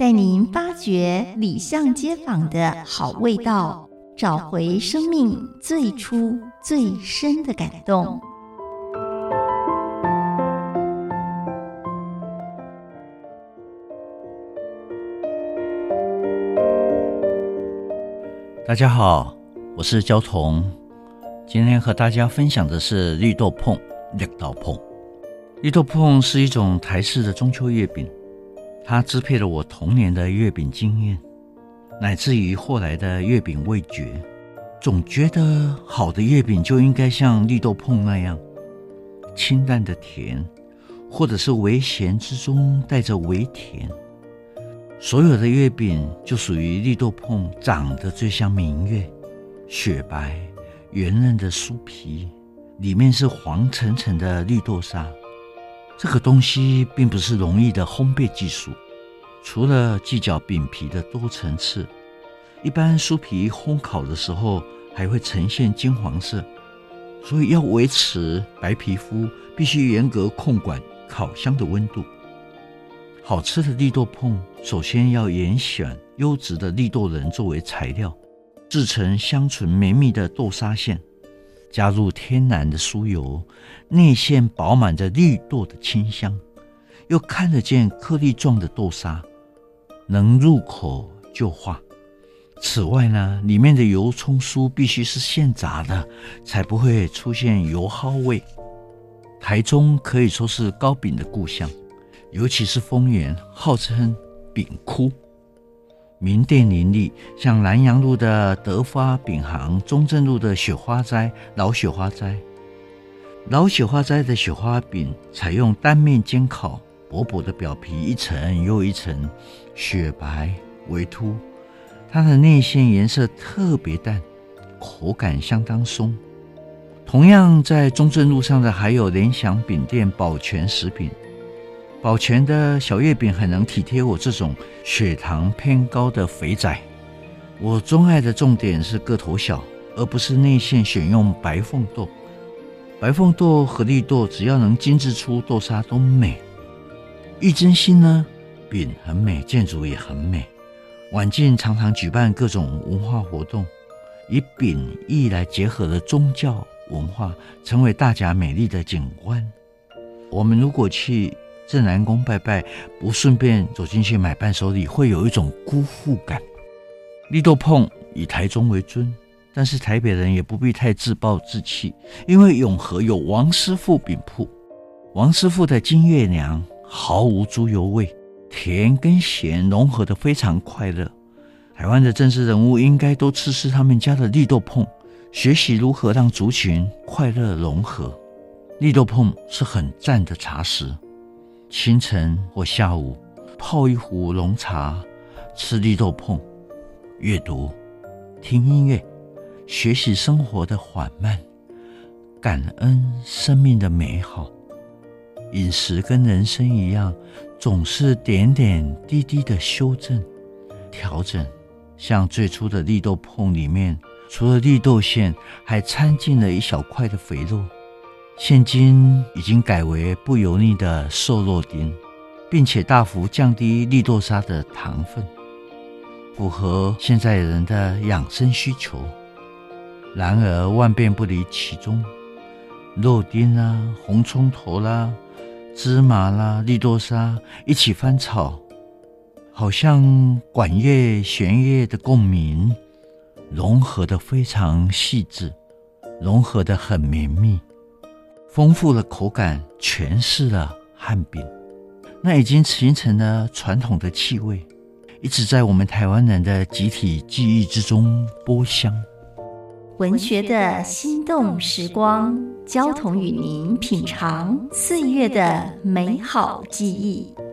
帶您發掘里巷街坊的好味道，找回生命最初最深的感動。大家好，我是焦桐，今天和大家分享的是綠豆椪，綠豆椪，綠豆椪是一種台式的中秋月餅。它支配了我童年的月餅經驗，乃至於後來的月餅味覺。總覺得好的月餅就應該像綠豆椪那樣，清淡的甜，或者是微鹹之中帶着微甜。所有的月餅就屬於綠豆椪，長得最像明月，雪白圓潤的酥皮，裡面是黃澄澄的綠豆沙。這個東西並不是容易的烘焙技術，除了計較餅皮的多層次，一般酥皮烘烤的時候還會呈現金黃色，所以要維持白皮膚，必須嚴格控管烤箱的溫度。好吃的綠豆椪，首先要嚴選優質的綠豆仁作為材料，制成香醇綿密的豆沙餡。加入天然的酥油，內餡飽滿着綠豆的清香，又看得見顆粒狀的豆沙，能入口就化。此外呢，裡面的油蔥酥必須是現炸的，才不會出現油耗味。台中可以說是糕餅的故鄉，尤其是豐原，號稱餅窟。名店林立，像南陽路的德發餅行、中正路的雪花齋、老雪花齋。老雪花齋的雪花餅採用單面煎烤，薄薄的表皮一層又一層，雪白微凸，它的內餡顏色特別淡，口感相當鬆。同樣在中正路上的還有聯翔餅店、寶泉食品。保全的小月餅很能體貼我這種血糖偏高的肥仔。我鍾愛的重點是個頭小，而不是內餡選用白鳳豆。白鳳豆和綠豆，只要能精緻出豆沙都美。裕珍馨呢，餅很美，建築也很美。晚近常常舉辦各種文化活動，以餅藝來結合的宗教文化，成為大家美麗的景觀。我們如果去。指南宮拜拜，不順便走進去買伴手禮，會有一種辜負感。綠豆椪以台中為尊，但是台北人也不必太自暴自棄，因為永和有王師傅餅鋪。王師傅的金月娘毫無豬油味，甜跟鹹融合得非常快樂。台灣的政治人物應該多吃吃他們家的綠豆椪，學習如何讓族群快樂融合。綠豆椪是很讚的茶食。清晨或下午，泡一壺濃茶，吃綠豆椪，閱讀，聽音樂，學習生活的緩慢，感恩生命的美好。飲食跟人生一樣，總是點點滴滴的修正、調整。像最初的綠豆椪裡面，除了綠豆餡，還摻進了一小塊的肥肉。現今已經改為不油膩的瘦肉丁，並且大幅降低綠豆沙的糖分，符合現在人的養生需求。然而萬變不離其宗，肉丁啊、紅蔥頭啦、啊、芝麻啦、啊、綠豆沙一起翻炒，好像管樂弦樂的共鳴，融合得非常細緻，融合得很綿密。豐富的口感詮釋了漢餅，那已經形成了傳統的氣味，一直在我們台灣人的集體記憶之中播香。文學的心動時光，焦桐與您品嘗歲月的美好記憶。